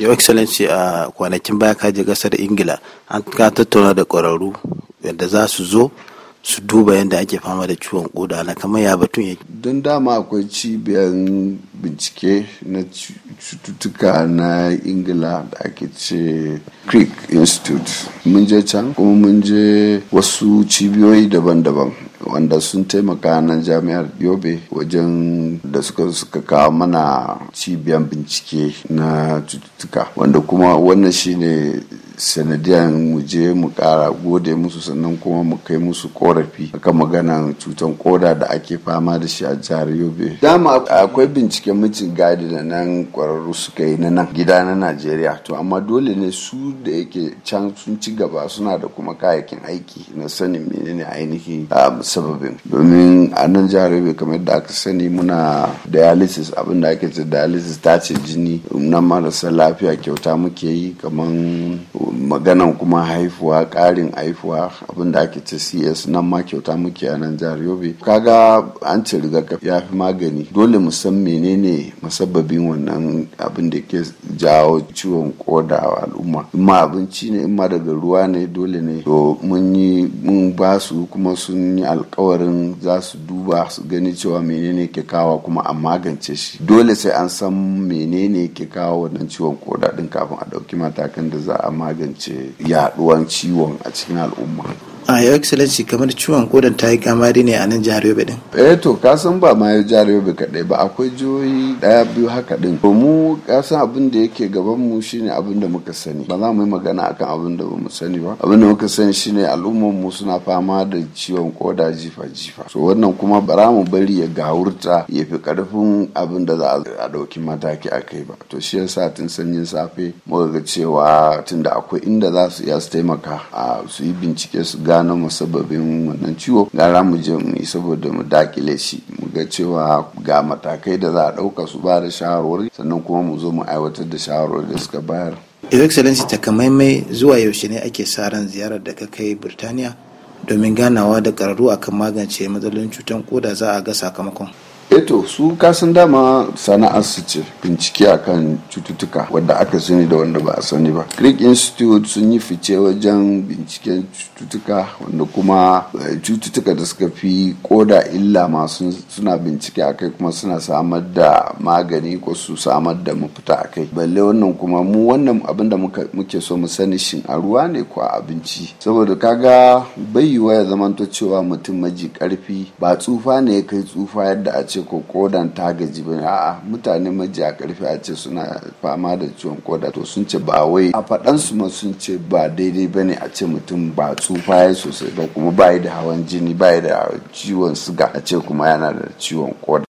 Your Excellency a kwanakin baya ka je Ingila an ka tattauna da ƙwararru yadda za su zo su duba yadda ake fama da ciwon koda na kamar ya batun yake. don dama akwai cibiyar bincike na cututtuka na ingila da ake ce creek institute mun je can kuma mun je wasu cibiyoyi daban-daban wanda sun taimaka na jami'ar yobe wajen da suka suka kawo mana cibiyar bincike na cututtuka wanda kuma wannan shine sanadiyan mu je mu kara gode musu sannan kuma mu kai musu korafi akan magana cutan koda da ake fama da shi a jihar yobe dama akwai binciken mucin gadi da nan kwararru suka yi na nan gida na najeriya to amma dole ne su da yake can sun ci gaba suna da kuma kayayyakin aiki na sanin menene ainihin sababin domin a nan jihar yobe kamar yadda aka sani muna dialysis abin da ake ce dialysis ta ce jini na marasa lafiya kyauta muke yi kamar maganan kuma haifuwa karin haifuwa abinda ake ce cs nan ma kyauta muke a nan jihar yobe kaga an ce rigakafi ya fi magani dole mu san menene masababin wannan abin da ke jawo ciwon koda a al'umma in ma abinci ne in ma daga ruwa ne dole ne to mun yi mun ba su kuma sun yi alkawarin za su duba su gani cewa menene ke kawo kuma a magance shi dole sai an san menene ke kawo wannan ciwon koda din kafin a ɗauki matakan da za a magance magance yaduwan ciwon a cikin al'umma a ah, yau excellency kamar ciwon kodan ta yi kamari ne a nan jihar yobe din eh to ka san ba ma jihar yobe kadai ba akwai jihohi daya biyu haka din to mu ka san abin da yake gaban mu shine abin da muka sani ba za mu yi magana akan abin da bamu sani ba abin da muka sani shine al'ummar mu suna fama da ciwon koda jifa jifa so wannan kuma bara mu bari ya gawurta ya fi karfin abin da za a dauki mataki a kai ba to shi yasa tun sanyin safe muka ga cewa tunda akwai inda za su iya su taimaka a su yi bincike su ga gano musabbabin wannan ciwo gara mu je mu yi saboda mu dakile shi mu ga cewa ga matakai da za a ɗauka su ba da shawarwari sannan kuma mu zo mu aiwatar da shawarwari da suka bayar. ta Excellency takamaimai zuwa yaushe ne ake sa ran ziyarar da ka kai Birtaniya domin ganawa da ƙararru akan magance matsalolin cutar koda za a ga sakamakon. eto su kasan dama sana'ar su ce bincike akan cututtuka wadda aka sani da wanda ba a sani ba greek institute sun yi fice wajen binciken cututtuka wanda kuma eh, cututtuka da suka fi koda illa masu suna bincike akai kuma suna samar da magani ko su samar da mafita akai balle wannan kuma mu wannan abin da muke so mu sani shin a ruwa ne ko a abinci saboda kaga bai yiwa ya zamanto cewa mutum maji karfi ba tsufa ne kai tsufa yadda a ce ko kodan ta gaji bane a'a mutane a karfi a ce suna fama da ciwon koda to sun ce ba wai a faɗan su ma sun ce ba daidai bane a ce mutum ba tsufa ya sosai ba kuma ba da hawan jini ba da ciwon suga a ce kuma yana da ciwon koda